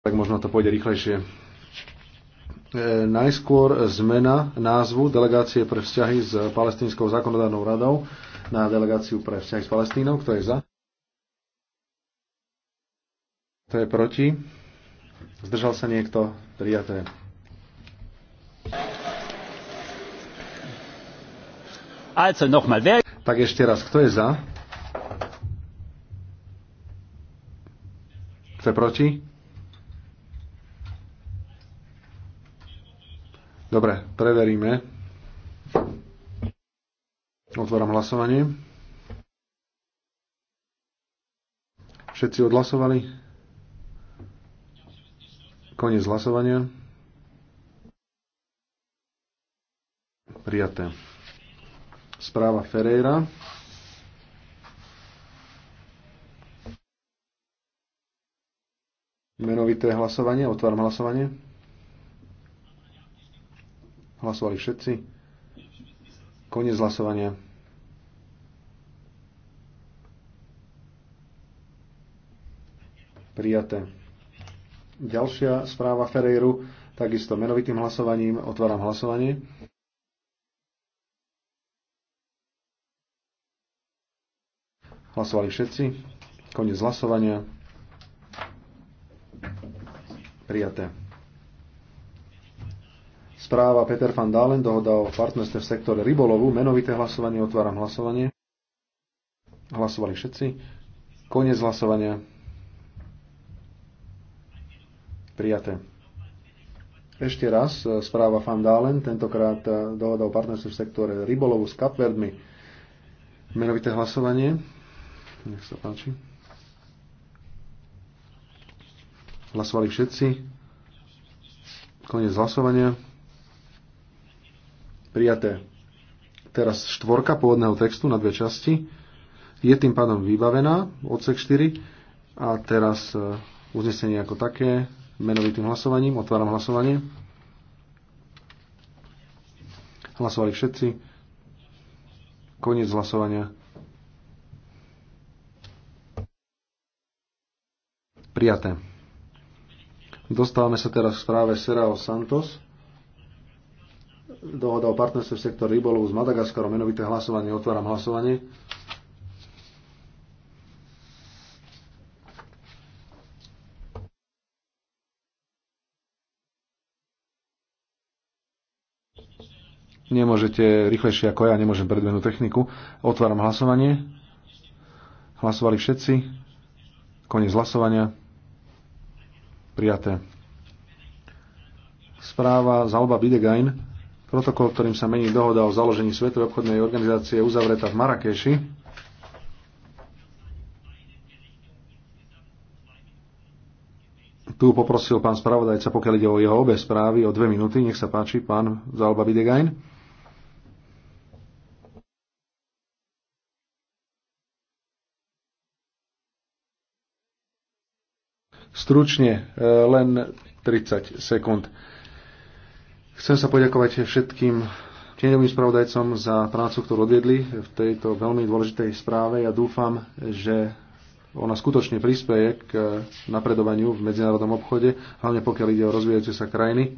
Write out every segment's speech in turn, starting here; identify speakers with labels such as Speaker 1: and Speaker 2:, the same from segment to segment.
Speaker 1: tak možno to pôjde rýchlejšie. E, najskôr zmena názvu delegácie pre vzťahy s Palestínskou zákonodárnou radou na delegáciu pre vzťahy s Palestínou. Kto je za? Kto je proti? Zdržal sa niekto? Prijaté. Also nochmal, wer... Tak ešte raz, kto je za? Kto je proti? Dobre, preveríme. Otváram hlasovanie. Všetci odhlasovali? Koniec hlasovania. Prijaté. Správa Ferreira. Menovité hlasovanie. Otváram hlasovanie. Hlasovali všetci. Koniec hlasovania. Prijaté. Ďalšia správa Ferreiru, takisto menovitým hlasovaním otváram hlasovanie. Hlasovali všetci. Koniec hlasovania. Prijaté. Správa Peter van Dalen, dohoda o partnerstve v sektore rybolovu, menovité hlasovanie, otváram hlasovanie. Hlasovali všetci. Konec hlasovania. Prijaté. Ešte raz e, správa Van Dalen, tentokrát e, dohoda o partnerstve v sektore rybolovu s Kapverdmi. Menovité hlasovanie. Nech sa páči. Hlasovali všetci. Konec hlasovania. Prijaté. Teraz štvorka pôvodného textu na dve časti. Je tým pádom vybavená, odsek 4. A teraz e, uznesenie ako také, menovitým hlasovaním. Otváram hlasovanie. Hlasovali všetci. Koniec hlasovania. Prijaté. Dostávame sa teraz k správe Serao Santos dohoda o partnerstve v sektor rybolovu s Madagaskarom, menovité hlasovanie, otváram hlasovanie. Nemôžete rýchlejšie ako ja, nemôžem predbehnúť techniku. Otváram hlasovanie. Hlasovali všetci. Koniec hlasovania. Prijaté. Správa Zalba Bidegain. Protokol, ktorým sa mení dohoda o založení Svetovej obchodnej organizácie, uzavretá v Marrakeši. Tu poprosil pán spravodajca, pokiaľ ide o jeho obe správy, o dve minúty. Nech sa páči, pán Zalba Bidegain. Stručne, e, len 30 sekúnd. Chcem sa poďakovať všetkým tieňovým spravodajcom za prácu, ktorú odviedli v tejto veľmi dôležitej správe. Ja dúfam, že ona skutočne prispieje k napredovaniu v medzinárodnom obchode, hlavne pokiaľ ide o rozvíjajúce sa krajiny.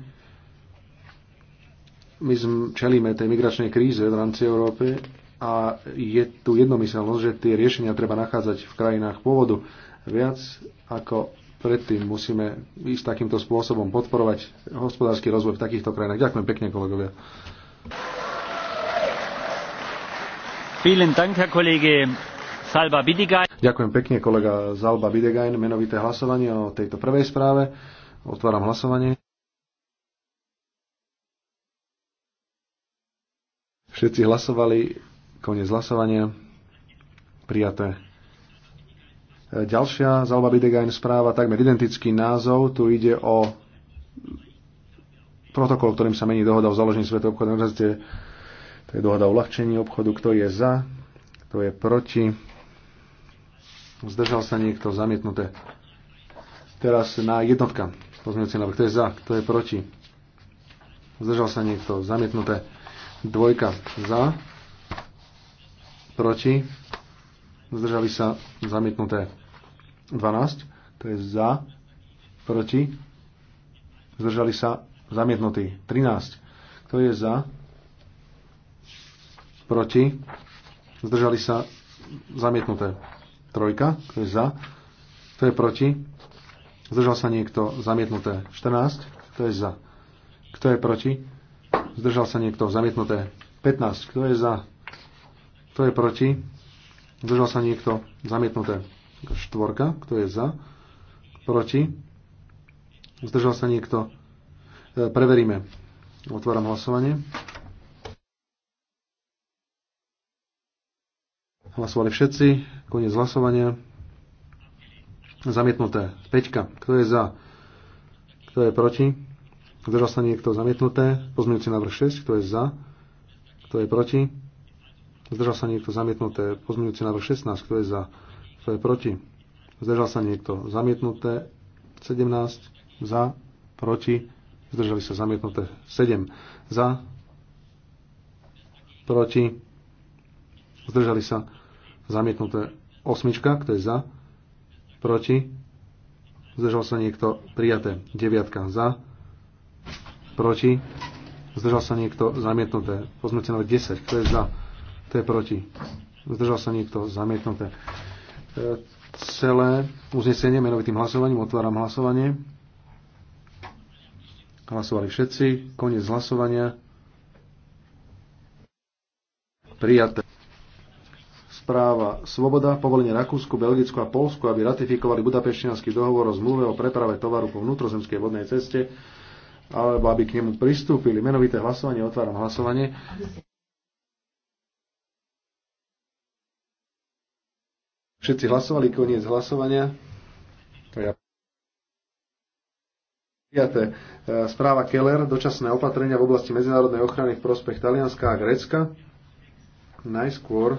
Speaker 1: My čelíme tej migračnej kríze v rámci Európy a je tu jednomyselnosť, že tie riešenia treba nachádzať v krajinách pôvodu. Viac ako predtým musíme ísť takýmto spôsobom podporovať hospodársky rozvoj v takýchto krajinách. Ďakujem pekne, kolegovia. Ďakujem pekne, kolega Zalba Bidegain. Menovité hlasovanie o tejto prvej správe. Otváram hlasovanie. Všetci hlasovali. Koniec hlasovania. Prijaté. Ďalšia Zalba Bidegain správa, takmer identický názov. Tu ide o protokol, ktorým sa mení dohoda o založení svetov obchodnej organizácie. To je dohoda o ľahčení obchodu. Kto je za? Kto je proti? Zdržal sa niekto? Zamietnuté. Teraz na jednotka. Pozmeňujúci návrh. Kto je za? Kto je proti? Zdržal sa niekto? Zamietnuté. Dvojka. Za? Proti? Zdržali sa? Zamietnuté. 12, to je za, proti, zdržali sa zamietnutí. 13, kto je za, proti, zdržali sa zamietnuté. Trojka, kto je za, kto je proti, zdržal sa niekto zamietnuté. 14, kto je za, kto je proti, zdržal sa niekto zamietnuté. 15, kto je za, kto je proti, zdržal sa niekto zamietnuté. Štvorka, kto je za? Proti? Zdržal sa niekto? E, preveríme. Otváram hlasovanie. Hlasovali všetci. Koniec hlasovania. Zamietnuté. Peťka. Kto je za? Kto je proti? Zdržal sa niekto? Zamietnuté. Pozmeňujúci návrh 6. Kto je za? Kto je proti? Zdržal sa niekto? Zamietnuté. Pozmeňujúci návrh 16. Kto je za? Kto je proti? Zdržal sa niekto. Zamietnuté 17. Za. Proti. Zdržali sa zamietnuté 7. Za. Proti. Zdržali sa zamietnuté 8. Kto je za? Proti. Zdržal sa niekto. Prijaté 9. Za. Proti. Zdržal sa niekto. Zamietnuté. Pozmeňte návrh 10. Kto je za? Kto je proti? Zdržal sa niekto. Zamietnuté celé uznesenie menovitým hlasovaním. Otváram hlasovanie. Hlasovali všetci. Koniec hlasovania. Prijaté. Správa Svoboda, povolenie Rakúsku, Belgicku a Polsku, aby ratifikovali Budapešťanský dohovor o zmluve o preprave tovaru po vnútrozemskej vodnej ceste, alebo aby k nemu pristúpili. Menovité hlasovanie, otváram hlasovanie. Všetci hlasovali koniec hlasovania. To ja. Prijaté. E, správa Keller, dočasné opatrenia v oblasti medzinárodnej ochrany v prospech Talianska a Grécka. Najskôr e,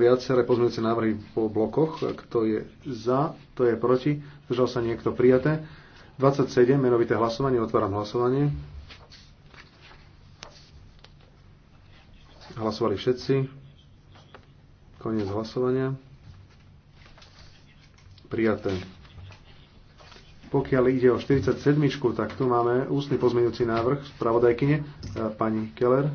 Speaker 1: viaceré pozmeňujúce návrhy po blokoch. Kto je za, to je proti. Zdržal sa niekto prijaté. 27, menovité hlasovanie, otváram hlasovanie. Hlasovali všetci. Koniec hlasovania. Prijaté. Pokiaľ ide o 47, tak tu máme ústny pozmeňujúci návrh spravodajkyne e, pani Keller.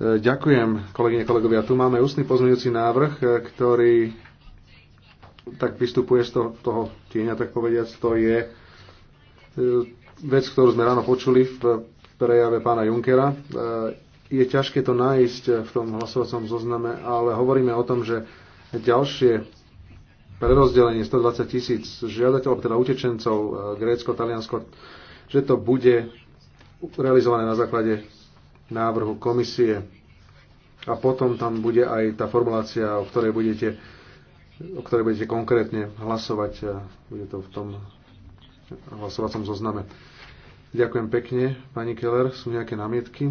Speaker 1: E, ďakujem, kolegyne, kolegovia. Tu máme ústny pozmeňujúci návrh, e, ktorý tak vystupuje z toho, toho tieňa, tak povediac, to je vec, ktorú sme ráno počuli v prejave pána Junkera. E, je ťažké to nájsť v tom hlasovacom zozname, ale hovoríme o tom, že ďalšie prerozdelenie 120 tisíc žiadateľov, teda utečencov e, Grécko, Taliansko, že to bude realizované na základe návrhu komisie. A potom tam bude aj tá formulácia, o ktorej budete, o ktorej budete konkrétne hlasovať. E, bude to v tom hlasovacom zozname. Ďakujem pekne, pani Keller. Sú nejaké námietky?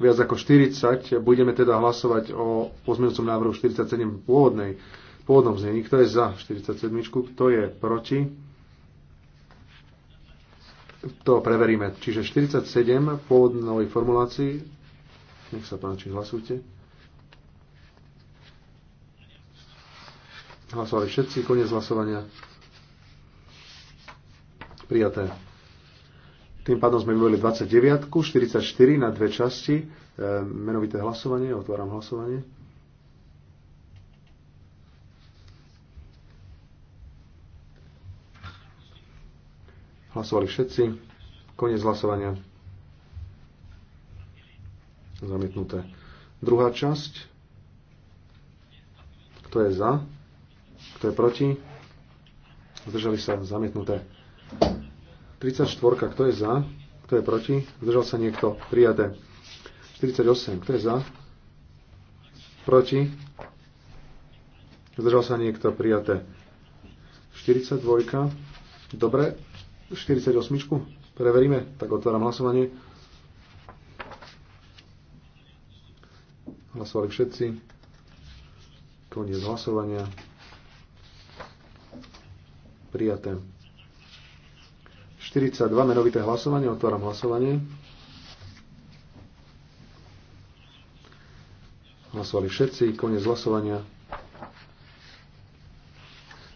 Speaker 1: Viac ako 40. Budeme teda hlasovať o pozmeňujúcom návrhu 47 pôvodnej, pôvodnom znení. Kto je za 47? Kto je proti? To preveríme. Čiže 47 pôvodnej formulácii. Nech sa páči, hlasujte. Hlasovali všetci, koniec hlasovania. Prijaté. Tým pádom sme vyvolili 29, 44 na dve časti. E, menovité hlasovanie, otváram hlasovanie. Hlasovali všetci. Koniec hlasovania. Zamietnuté. Druhá časť. Kto je za? Kto je proti? Zdržali sa zamietnuté. 34. Kto je za? Kto je proti? Zdržal sa niekto? Prijaté. 48. Kto je za? Proti? Zdržal sa niekto? Prijaté. 42. Dobre. 48. Preveríme. Tak otváram hlasovanie. Hlasovali všetci. Koniec hlasovania. Prijaté. 42, menovité hlasovanie, otváram hlasovanie. Hlasovali všetci, koniec hlasovania.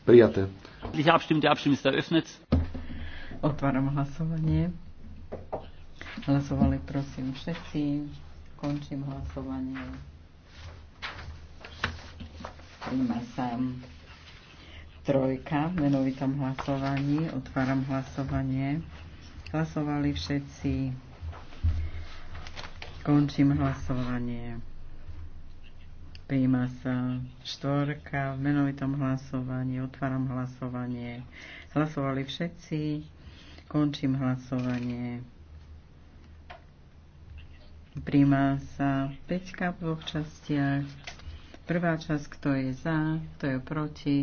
Speaker 1: Prijaté.
Speaker 2: Otváram hlasovanie. Hlasovali prosím všetci. Končím hlasovanie. Prima sa. Trojka v menovitom hlasovaní. Otváram hlasovanie. Hlasovali všetci. Končím hlasovanie. Príjma sa štvorka v menovitom hlasovaní. Otváram hlasovanie. Hlasovali všetci. Končím hlasovanie. Príjma sa peťka v dvoch častiach. Prvá časť, kto je za, kto je proti,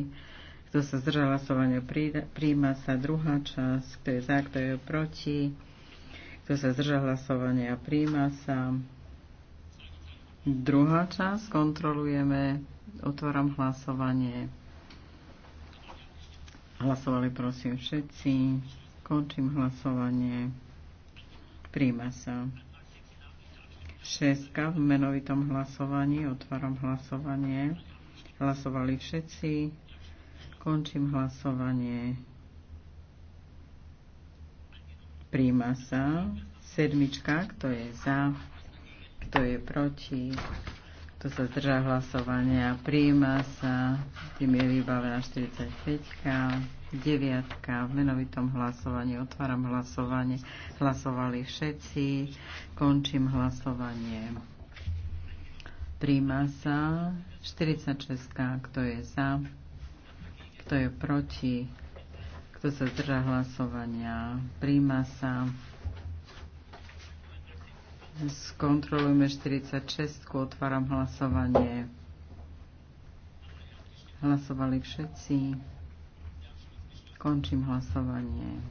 Speaker 2: kto sa zdržal hlasovania, príjma sa druhá časť, kto je za, kto je proti. Kto sa zdržal hlasovania, príjma sa druhá časť. Kontrolujeme, otváram hlasovanie. Hlasovali prosím všetci. Končím hlasovanie. Príjma sa. Šestka v menovitom hlasovaní. Otváram hlasovanie. Hlasovali všetci. Končím hlasovanie. Príjma sa. Sedmička, kto je za, kto je proti, kto sa zdrža hlasovania. Príjma sa. Tým je vybavená 45 deviatka v menovitom hlasovaní. Otváram hlasovanie. Hlasovali všetci. Končím hlasovanie. Príjma sa 46. Kto je za? Kto je proti? Kto sa zdrža hlasovania? Príjma sa. Skontrolujeme 46. Otváram hlasovanie. Hlasovali všetci. Končím hlasovanie.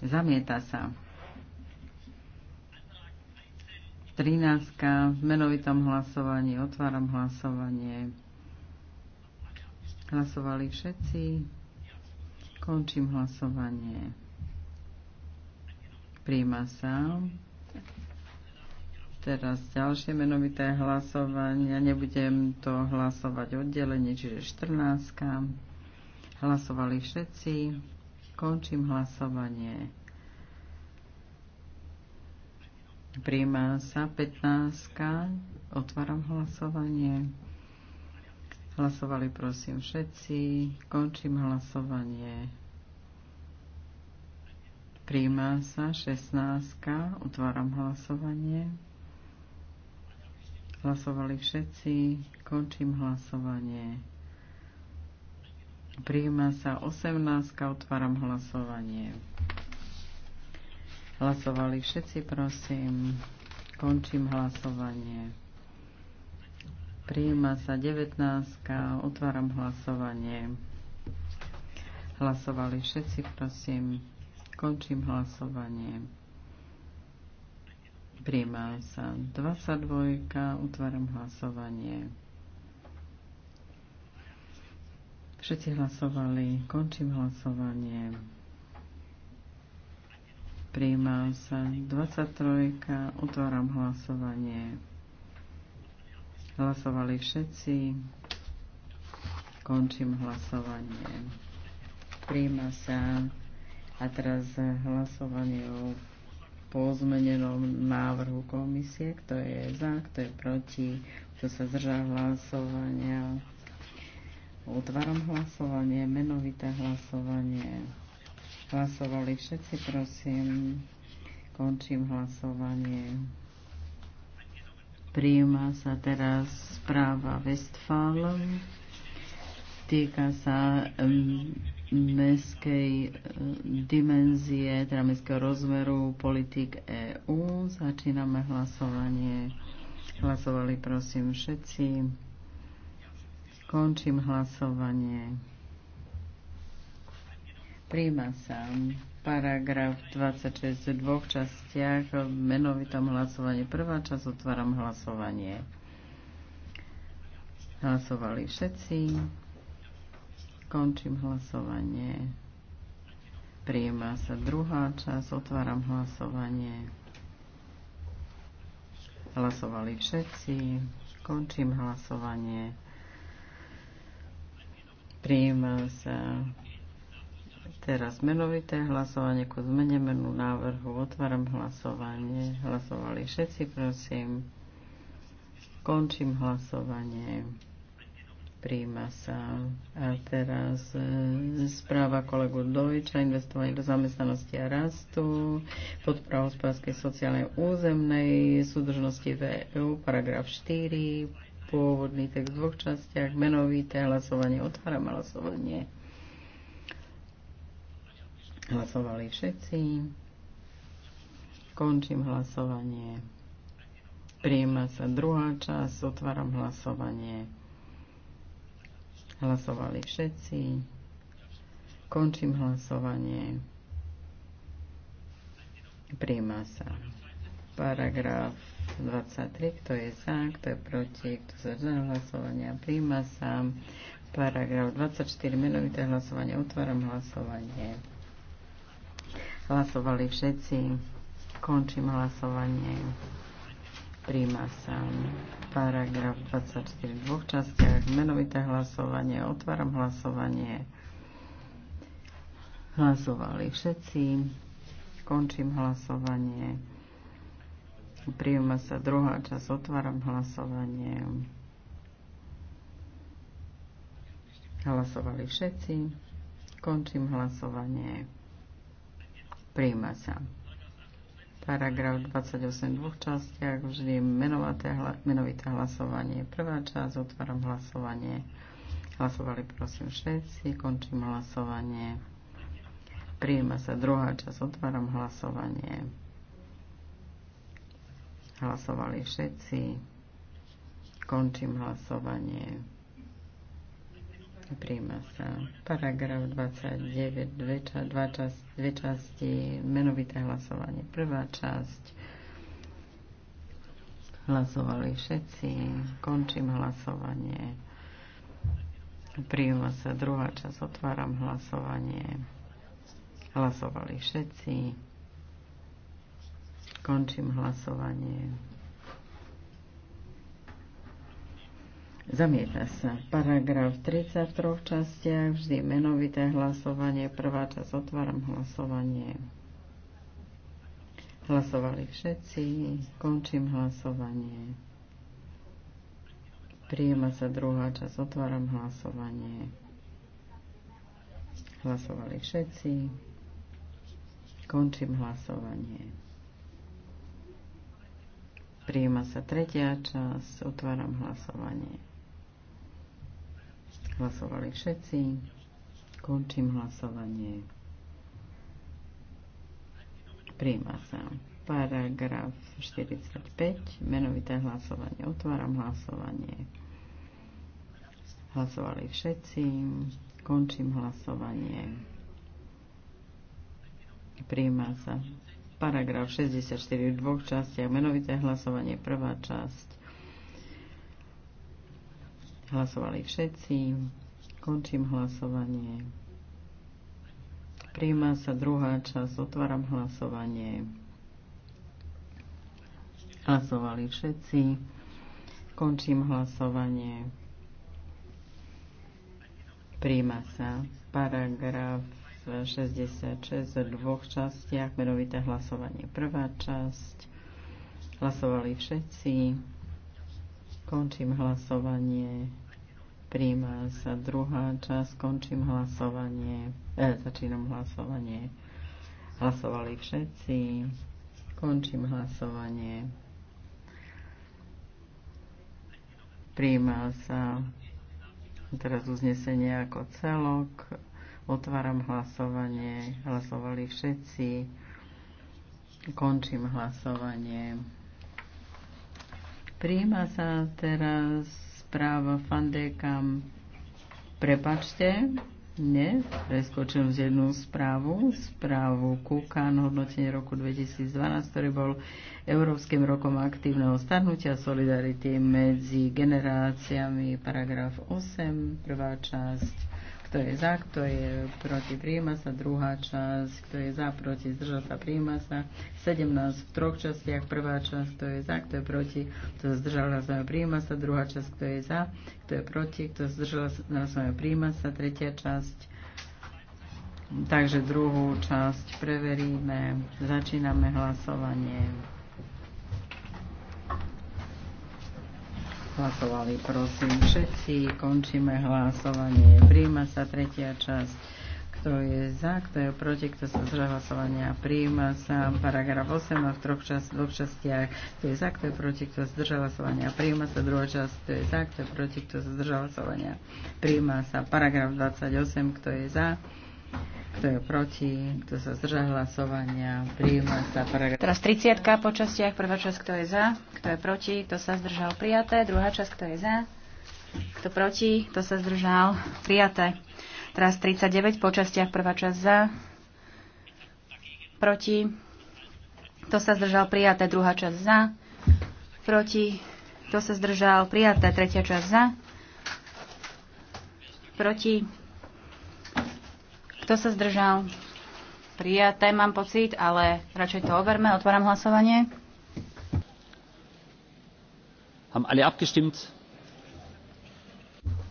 Speaker 2: Zamieta sa. 13. V menovitom hlasovaní otváram hlasovanie. Hlasovali všetci. Končím hlasovanie. Príjma sa. Teraz ďalšie menovité Ja Nebudem to hlasovať oddelenie, čiže 14. Hlasovali všetci. Končím hlasovanie. Príjma sa 15. Otváram hlasovanie. Hlasovali prosím všetci. Končím hlasovanie. Príjma sa 16. Otváram hlasovanie. Hlasovali všetci. Končím hlasovanie. Príjma sa 18. Otváram hlasovanie. Hlasovali všetci, prosím. Končím hlasovanie. Prijíma sa 19. Otváram hlasovanie. Hlasovali všetci, prosím. Končím hlasovanie. Prijíma sa 22. Otváram hlasovanie. Všetci hlasovali. Končím hlasovanie. Prijíma sa 23. Otváram hlasovanie. Hlasovali všetci. Končím hlasovanie. Príjma sa. A teraz hlasovanie o pozmenenom návrhu komisie. Kto je za, kto je proti, kto sa zdržal hlasovania. Otváram hlasovanie, menovité hlasovanie. Hlasovali všetci, prosím. Končím hlasovanie. Prijíma sa teraz správa Westfalen. Týka sa mestskej dimenzie, teda mestského rozmeru politik EÚ. Začíname hlasovanie. Hlasovali prosím všetci. Končím hlasovanie. Príjma sa paragraf 26 v dvoch častiach v menovitom hlasovaní. Prvá časť otváram hlasovanie. Hlasovali všetci. Končím hlasovanie. Príjma sa druhá časť. Otváram hlasovanie. Hlasovali všetci. Končím hlasovanie. Príjma sa Teraz menovité hlasovanie ku zmene menu návrhu. Otváram hlasovanie. Hlasovali všetci, prosím. Končím hlasovanie. Príjma sa. A teraz e, správa kolegu Dojča, investovanie do zamestnanosti a rastu, podpora hospodárskej, sociálnej, územnej, súdržnosti VEU, paragraf 4, pôvodný text v dvoch častiach, menovité hlasovanie, otváram hlasovanie. Hlasovali všetci. Končím hlasovanie. Priema sa druhá časť. Otváram hlasovanie. Hlasovali všetci. Končím hlasovanie. Priema sa. Paragraf 23. Kto je za, kto je proti, kto sa zdržal hlasovania. Priema sa. Paragraf 24. Menovité hlasovanie. Otváram hlasovanie. Hlasovali všetci. Končím hlasovanie. Príjma sa paragraf 24 v dvoch častiach. Menovité hlasovanie. Otváram hlasovanie. Hlasovali všetci. Končím hlasovanie. Príjma sa druhá časť. Otváram hlasovanie. Hlasovali všetci. Končím hlasovanie. Príjma sa. Paragraf 28 v dvoch častiach, vždy menovité, menovité hlasovanie. Prvá časť, otváram hlasovanie. Hlasovali prosím všetci, končím hlasovanie. Príjma sa druhá časť, otváram hlasovanie. Hlasovali všetci, končím hlasovanie príjma sa. Paragraf 29, dve, ča, dva čas, dve časti, menovité hlasovanie. Prvá časť. Hlasovali všetci. Končím hlasovanie. Príjma sa druhá časť. Otváram hlasovanie. Hlasovali všetci. Končím hlasovanie Zamieta sa. Paragraf 30 v troch častiach, vždy menovité hlasovanie. Prvá časť otváram hlasovanie. Hlasovali všetci. Končím hlasovanie. Prijema sa druhá časť. Otváram hlasovanie. Hlasovali všetci. Končím hlasovanie. Prijema sa tretia časť. Otváram hlasovanie. Hlasovali všetci. Končím hlasovanie. Príjma sa paragraf 45, menovité hlasovanie. Otváram hlasovanie. Hlasovali všetci. Končím hlasovanie. Príjma sa paragraf 64 v dvoch častiach. Menovité hlasovanie, prvá časť. Hlasovali všetci. Končím hlasovanie. Príjma sa druhá časť. Otváram hlasovanie. Hlasovali všetci. Končím hlasovanie. Príjma sa paragraf 66 v dvoch častiach. Menovité hlasovanie. Prvá časť. Hlasovali všetci. Končím hlasovanie. Príjma sa druhá časť. Končím hlasovanie. E, začínam hlasovanie. Hlasovali všetci. Končím hlasovanie. Príjma sa teraz uznesenie ako celok. Otváram hlasovanie. Hlasovali všetci. Končím hlasovanie. Príjima sa teraz správa Fandekam. Prepačte, nie, preskočím z jednu správu, správu Kukan, hodnotenie roku 2012, ktorý bol Európskym rokom aktívneho starnutia solidarity medzi generáciami, paragraf 8, prvá časť. Kto je za, kto je proti, príjma sa. Druhá časť, kto je za, proti, zdržať sa, prímasa, sa. 17 v troch častiach. Prvá časť, kto je za, kto je proti, kto zdržal sa, príjma Druhá časť, kto je za, kto je proti, kto zdržal sa, príjma prímasa, Tretia časť. Takže druhú časť preveríme. Začíname hlasovanie. hlasovali prosím všetci. Končíme hlasovanie. Príjma sa tretia časť. Kto je za, kto je proti, kto sa zdržal hlasovania. Príjma sa paragraf 8 v troch čas, dvoch častiach. Kto je za, kto je proti, kto sa zdržal hlasovania. Príjma sa druhá časť. Kto je za, kto je proti, kto sa zdržal hlasovania. Príjma sa paragraf 28. Kto je za, kto je proti? Kto sa zdržal hlasovania? Prijíma sa paragraf. Teraz 30
Speaker 3: po častiach. Prvá časť, kto je za? Kto je proti? Kto sa zdržal? Prijaté. Druhá časť, kto je za? Kto proti? Kto sa zdržal? Prijaté. Teraz 39 po častiach. Prvá časť za? Proti? Kto sa zdržal? Prijaté. Druhá časť za? Proti? Kto sa zdržal? Prijaté. Tretia časť za? Proti? Kto sa zdržal? Prijaté mám pocit, ale radšej to overme. Otváram hlasovanie.
Speaker 2: Haben alle abgestimmt?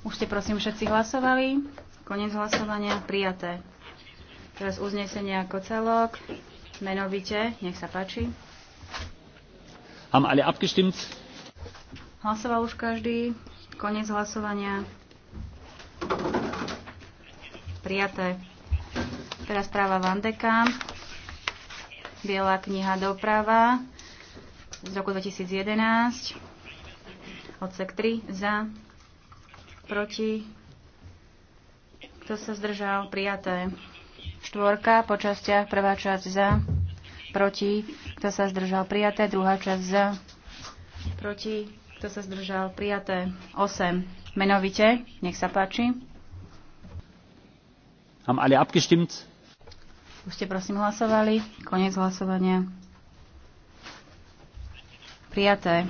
Speaker 3: Už ste prosím všetci hlasovali. Konec hlasovania prijaté. Teraz uznesenie ako celok. Menovite, nech sa páči.
Speaker 2: Haben alle abgestimmt?
Speaker 3: Hlasoval už každý. Konec hlasovania. Prijaté. Teraz práva Vandeka, Biela kniha doprava z roku 2011, odsek 3, za, proti, kto sa zdržal, prijaté. Štvorka, počastia, prvá časť za, proti, kto sa zdržal, prijaté, druhá časť za, proti, kto sa zdržal, prijaté, 8. Menovite, nech sa páči.
Speaker 2: Haben alle abgestimmt?
Speaker 3: Už ste prosím hlasovali. Konec hlasovania. Prijaté.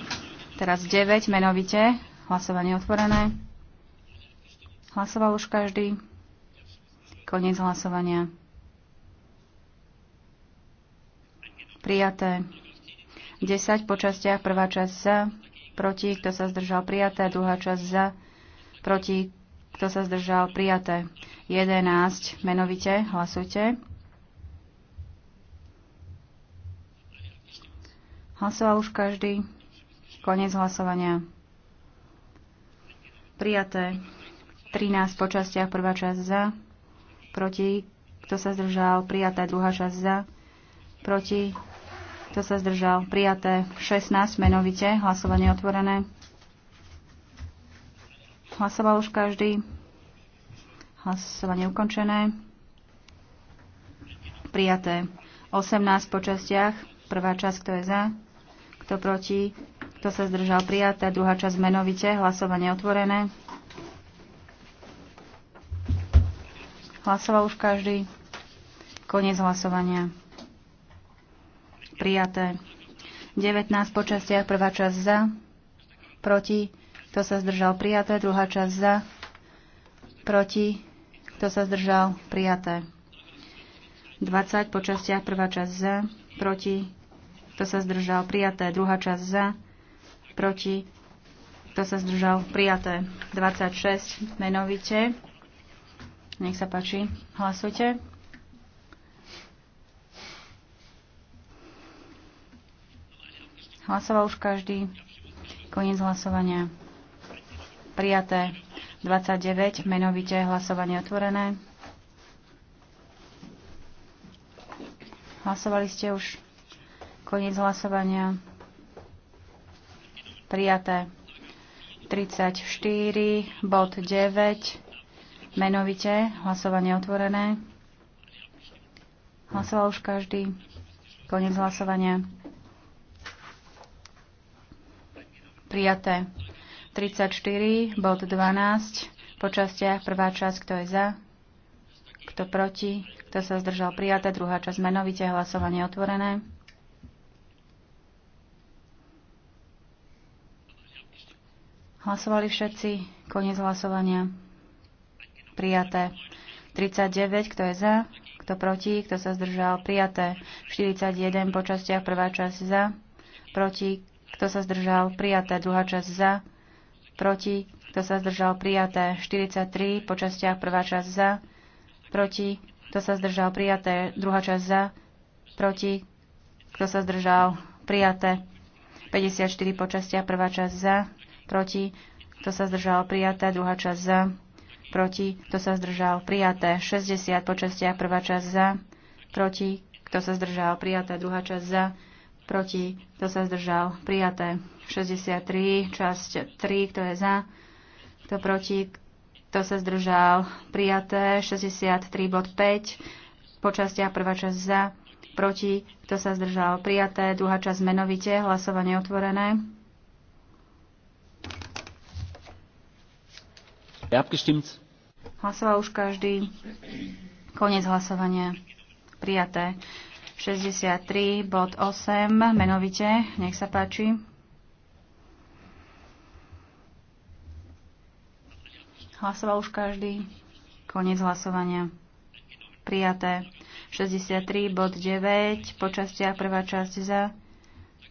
Speaker 3: Teraz 9 menovite. Hlasovanie otvorené. Hlasoval už každý. Konec hlasovania. Prijaté. 10 po častiach. Prvá časť za. Proti. Kto sa zdržal? Prijaté. Druhá časť za. Proti. Kto sa zdržal? Prijaté. 11. Menovite. Hlasujte. Hlasoval už každý. Konec hlasovania. Prijaté. 13 po častiach, prvá časť za, proti, kto sa zdržal, prijaté, druhá časť za, proti, kto sa zdržal, prijaté, 16 menovite, hlasovanie otvorené. Hlasoval už každý. Hlasovanie ukončené. Prijaté. 18 po častiach. Prvá časť, kto je za, kto proti, kto sa zdržal prijaté. Druhá časť menovite, hlasovanie otvorené. Hlasoval už každý. Koniec hlasovania. Prijaté. 19 po častiach, prvá časť za, proti, kto sa zdržal prijaté, druhá časť za, proti, kto sa zdržal prijaté. 20 po častiach, prvá časť za, proti, kto sa zdržal, prijaté. Druhá časť za, proti, kto sa zdržal, prijaté. 26 menovite. Nech sa páči, hlasujte. Hlasoval už každý. Koniec hlasovania. Prijaté 29, menovite hlasovanie otvorené. Hlasovali ste už. Koniec hlasovania. Prijaté. 34, bod 9. Menovite. Hlasovanie otvorené. Hlasoval už každý. Koniec hlasovania. Prijaté. 34, bod 12. Po častiach prvá časť, kto je za, kto proti, kto sa zdržal prijaté? Druhá časť menovite. Hlasovanie otvorené. Hlasovali všetci. Koniec hlasovania. Prijaté. 39. Kto je za? Kto proti? Kto sa zdržal? Prijaté. 41. Po častiach. Prvá časť za. Proti. Kto sa zdržal? Prijaté. Druhá časť za. Proti. Kto sa zdržal? Prijaté. 43. Po častiach. Prvá časť za. Proti. Kto sa zdržal? Prijaté. Druhá časť za. Proti. Kto sa zdržal? Prijaté. 54 počastia, Prvá časť za. Proti. Kto sa zdržal? Prijaté. Druhá časť za. Proti. Kto sa zdržal? Prijaté. 60 počastia, Prvá časť za. Proti. Kto sa zdržal? Prijaté. Druhá časť za. Proti. Kto sa zdržal? Prijaté. 63, časť 3, kto je za, kto proti, kto sa zdržal? Prijaté. 63 bod 5. Počastia prvá časť za. Proti. Kto sa zdržal? Prijaté. Druhá časť menovite. Hlasovanie otvorené. Hlasoval už každý. Konec hlasovania. Prijaté. 63 bod 8. Menovite. Nech sa páči. Hlasoval už každý. Koniec hlasovania. Prijaté. 63 bod 9 po častiach prvá časť za.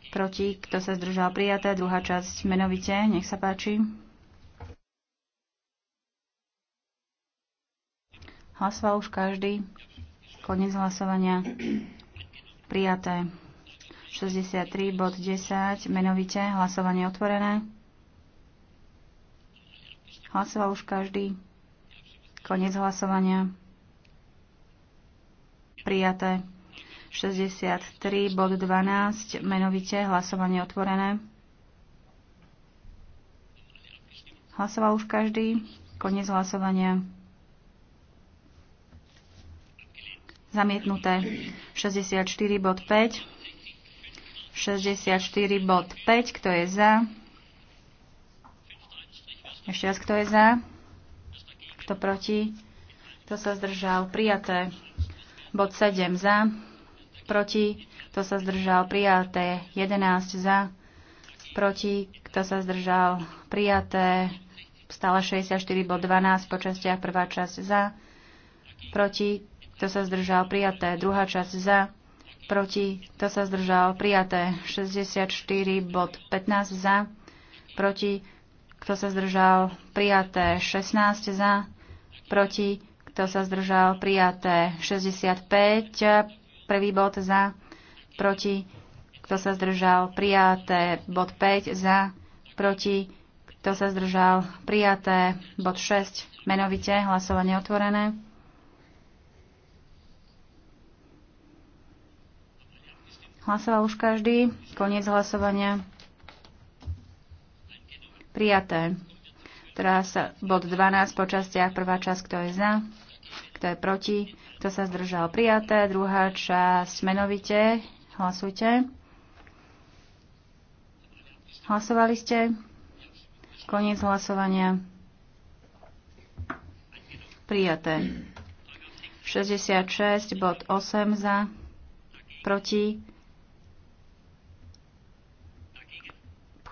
Speaker 3: Proti, kto sa zdržal prijaté, druhá časť menovite, nech sa páči. Hlasoval už každý. Koniec hlasovania. Prijaté. 63 bod 10, menovite, hlasovanie otvorené. Hlasoval už každý. Konec hlasovania. Prijaté. 63 bod 12, menovite hlasovanie otvorené. Hlasoval už každý. Konec hlasovania. Zamietnuté. 64 bod 5. 64 bod 5, kto je za? Ešte raz, kto je za? Kto proti? Kto sa zdržal? Prijaté. Bod 7 za. Proti. Kto sa zdržal? Prijaté. 11 za. Proti. Kto sa zdržal? Prijaté. Stále 64 bod 12 po častiach. Prvá časť za. Proti. Kto sa zdržal? Prijaté. Druhá časť za. Proti. Kto sa zdržal? Prijaté. 64 bod 15 za. Proti kto sa zdržal, prijaté 16 za, proti, kto sa zdržal, prijaté 65, prvý bod za, proti, kto sa zdržal, prijaté bod 5 za, proti, kto sa zdržal, prijaté bod 6, menovite, hlasovanie otvorené. Hlasoval už každý, koniec hlasovania. Prijaté. Teraz bod 12 po častiach. Prvá časť, kto je za, kto je proti, kto sa zdržal. Prijaté. Druhá časť menovite. Hlasujte. Hlasovali ste? Koniec hlasovania. Prijaté. 66, bod 8 za, proti,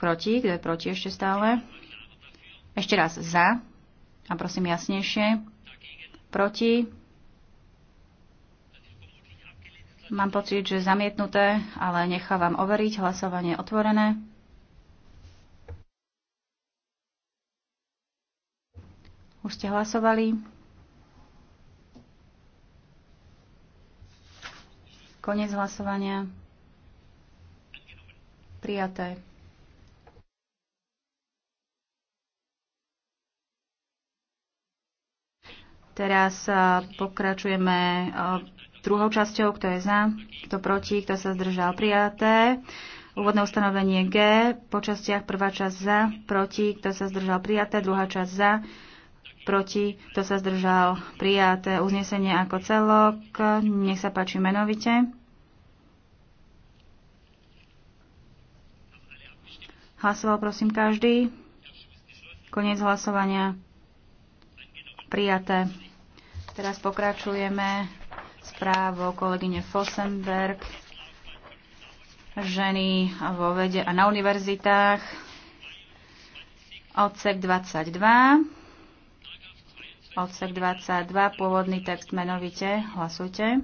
Speaker 3: proti, kto je proti ešte stále. Ešte raz za a prosím jasnejšie. Proti. Mám pocit, že zamietnuté, ale nechávam overiť. Hlasovanie otvorené. Už ste hlasovali. Konec hlasovania. Prijaté. Teraz e, pokračujeme e, druhou časťou, kto je za, kto proti, kto sa zdržal prijaté. Úvodné ustanovenie G, po častiach prvá časť za, proti, kto sa zdržal prijaté, druhá časť za, proti, kto sa zdržal prijaté. Uznesenie ako celok, nech sa páči menovite. Hlasoval prosím každý. Koniec hlasovania. Prijaté. Teraz pokračujeme správou kolegyne Fossenberg. Ženy vo vede a na univerzitách. Odsek 22. Odsek 22, pôvodný text menovite. Hlasujte.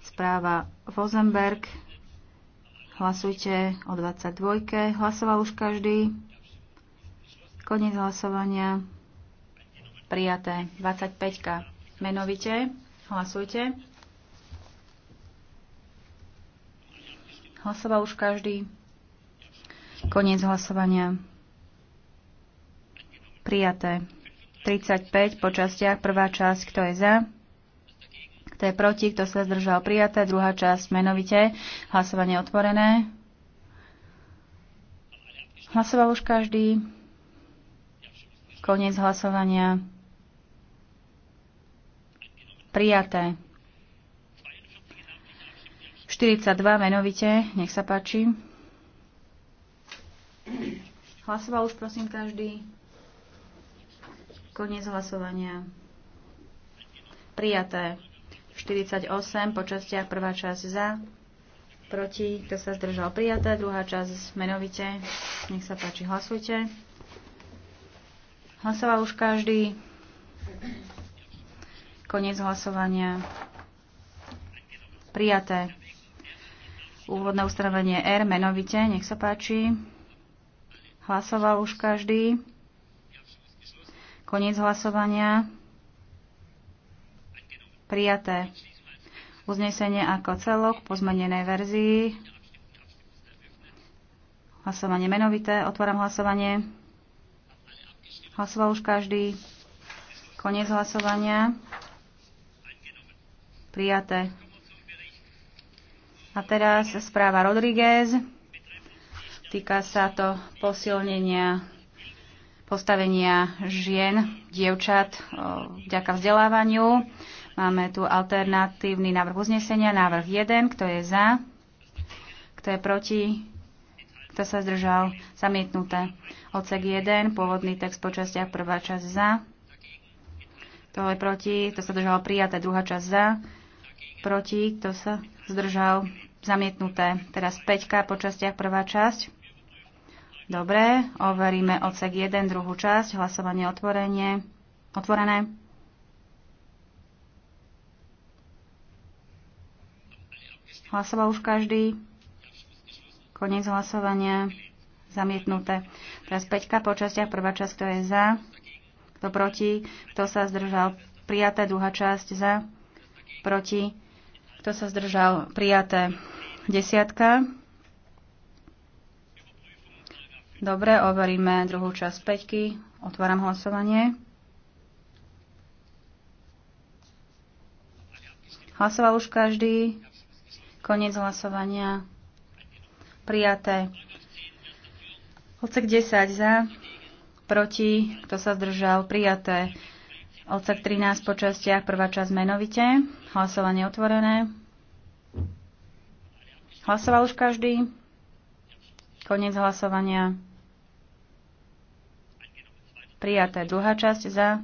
Speaker 3: Správa Vozenberg. Hlasujte o 22. Hlasoval už každý. Koniec hlasovania. Prijaté. 25. Menovite. Hlasujte. Hlasoval už každý. Koniec hlasovania. Prijaté. 35 po častiach. Prvá časť, kto je za? Kto je proti? Kto sa zdržal? Prijaté. Druhá časť, menovite. Hlasovanie otvorené. Hlasoval už každý. Koniec hlasovania. Prijaté. 42 menovite, nech sa páči. Hlasoval už prosím každý. Koniec hlasovania. Prijaté. 48 po prvá časť za, proti, kto sa zdržal prijaté, druhá časť menovite. Nech sa páči, hlasujte. Hlasoval už každý. Konec hlasovania. Prijaté. Úvodné ustanovenie R menovite. Nech sa páči. Hlasoval už každý. Koniec hlasovania. Prijaté. Uznesenie ako celok po zmenenej verzii. Hlasovanie menovité. Otváram hlasovanie. Hlasoval už každý. Koniec hlasovania. Prijaté. A teraz správa Rodriguez. Týka sa to posilnenia postavenia žien, dievčat vďaka vzdelávaniu. Máme tu alternatívny návrh uznesenia, návrh 1, kto je za, kto je proti, kto sa zdržal? Zamietnuté. Odsek 1, pôvodný text po častiach, prvá časť za. Kto je proti? Kto sa zdržal? Prijaté. Druhá časť za. Proti? Kto sa zdržal? Zamietnuté. Teraz 5 po častiach, prvá časť. Dobre, overíme odsek 1, druhú časť, hlasovanie otvorenie, otvorené. Hlasoval už každý. Koniec hlasovania. Zamietnuté. Teraz peťka po častiach. Prvá časť, kto je za, kto proti, kto sa zdržal. Prijaté. Druhá časť za, proti, kto sa zdržal. Prijaté. Desiatka. Dobre, overíme druhú časť peťky. Otváram hlasovanie. Hlasoval už každý. Koniec hlasovania prijaté. Odsek 10 za, proti, kto sa zdržal, prijaté. Odsek 13 po častiach, prvá časť menovite, hlasovanie otvorené. Hlasoval už každý? Koniec hlasovania. Prijaté. Druhá časť za,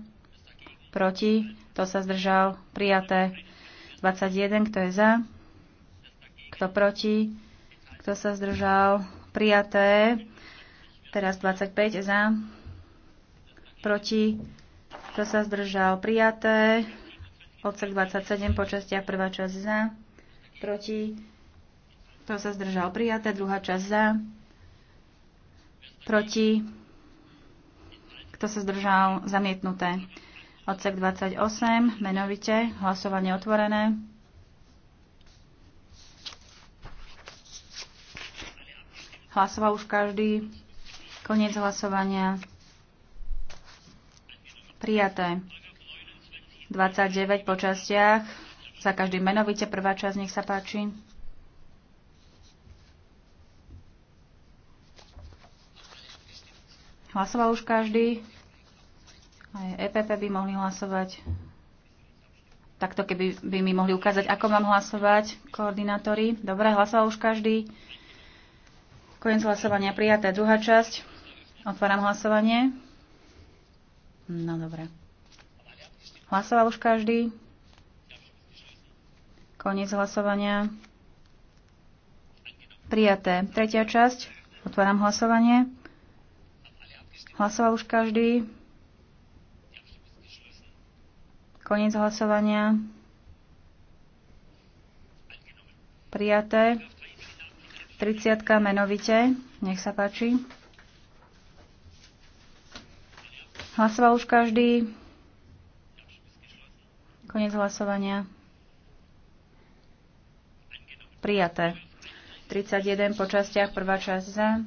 Speaker 3: proti, kto sa zdržal, prijaté. 21, kto je za, kto proti, kto sa zdržal? Prijaté. Teraz 25 za. Proti. Kto sa zdržal? Prijaté. Odsek 27 po častiach prvá časť za. Proti. Kto sa zdržal? Prijaté. Druhá časť za. Proti. Kto sa zdržal? Zamietnuté. Odsek 28. Menovite. Hlasovanie otvorené. Hlasoval už každý. Koniec hlasovania. Prijaté. 29 po častiach. Za každý menovite. Prvá časť, nech sa páči. Hlasoval už každý. Aj EPP by mohli hlasovať. Takto, keby by mi mohli ukázať, ako mám hlasovať koordinátori. Dobre, hlasoval už každý. Koniec hlasovania prijaté. Druhá časť. Otváram hlasovanie. No dobre. Hlasoval už každý? Koniec hlasovania. Prijaté. Tretia časť. Otváram hlasovanie. Hlasoval už každý? Koniec hlasovania. Prijaté. 30 menovite. Nech sa páči. Hlasoval už každý. Konec hlasovania. Prijaté. 31 po častiach, prvá časť za.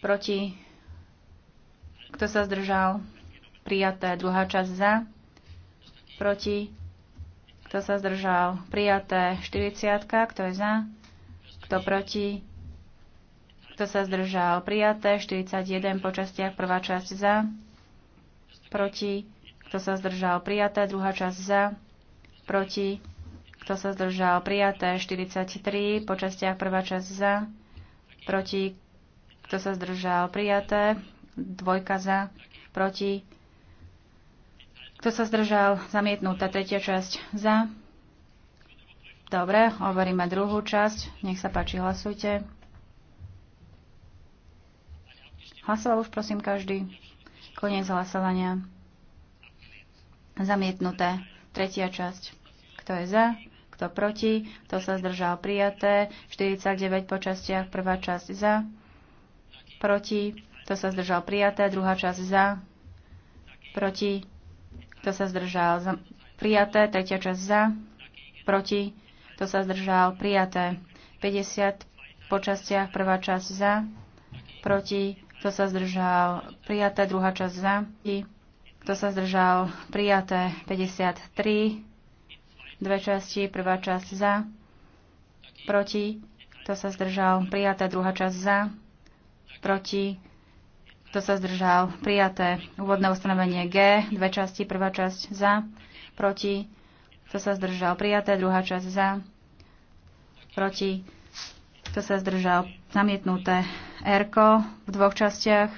Speaker 3: Proti. Kto sa zdržal? Prijaté. Druhá časť za. Proti. Kto sa zdržal? Prijaté. 40. Kto je za? Kto proti? Kto sa zdržal? Prijaté. 41 po častiach. Prvá časť za. Proti. Kto sa zdržal? Prijaté. Druhá časť za. Proti. Kto sa zdržal? Prijaté. 43 po častiach. Prvá časť za. Proti. Kto sa zdržal? Prijaté. Dvojka za. Proti. Kto sa zdržal? Zamietnutá. Tretia časť za. Dobre, hovoríme druhú časť. Nech sa páči, hlasujte. Hlasoval už prosím každý. Koniec hlasovania. Zamietnuté. Tretia časť. Kto je za? Kto proti? Kto sa zdržal? Prijaté. 49 po častiach. Prvá časť za. Proti. Kto sa zdržal? Prijaté. Druhá časť za. Proti. Kto sa zdržal? Prijaté. Tretia časť za. Proti. Kto sa zdržal? Prijaté. 50 po častiach. Prvá časť za. Proti. Kto sa zdržal? Prijaté. Druhá časť za. Kto sa zdržal? Prijaté. 53. Dve časti. Prvá časť za. Proti. Kto sa zdržal? Prijaté. Druhá časť za. Proti. Kto sa zdržal? Prijaté. Úvodné ustanovenie G. Dve časti. Prvá časť za. Proti. Kto sa zdržal? Prijaté. Druhá časť za. Proti. Kto sa zdržal? Zamietnuté. R v dvoch častiach.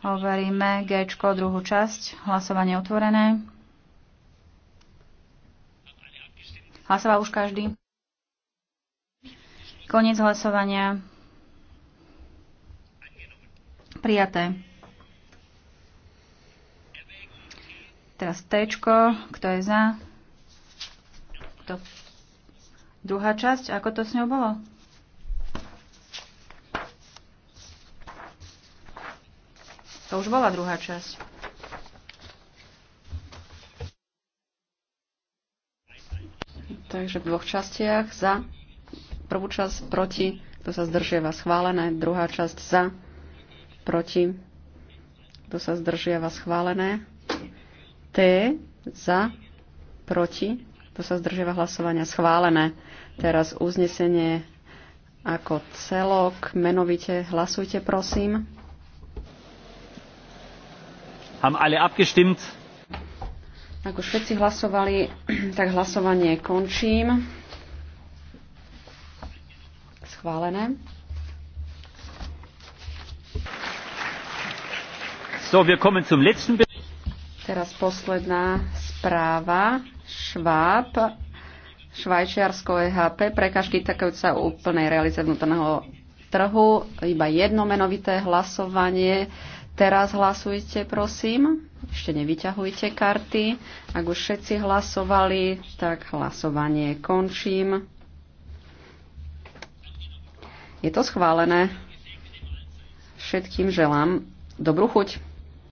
Speaker 3: hovoríme G, druhú časť. Hlasovanie otvorené. Hlasoval už každý. Koniec hlasovania. Prijaté. Teraz T, kto je za? Kto? Druhá časť, ako to s ňou bolo?
Speaker 4: To už bola druhá časť. Takže v dvoch častiach za prvú časť proti, kto sa zdržiava schválené, druhá časť za proti, kto sa zdržiava schválené za, proti, to sa zdržiava hlasovania schválené. Teraz uznesenie ako celok. Menovite hlasujte, prosím.
Speaker 2: Haben alle abgestimmt?
Speaker 4: Ak už všetci hlasovali, tak hlasovanie končím. Schválené.
Speaker 3: So, wir kommen zum letzten
Speaker 4: Teraz posledná správa. Šváb, Švajčiarsko EHP, prekažky takajúca sa úplnej realizácie vnútorného trhu, iba jednomenovité hlasovanie. Teraz hlasujte, prosím. Ešte nevyťahujte karty. Ak už všetci hlasovali, tak hlasovanie končím. Je to schválené. Všetkým želám dobrú chuť.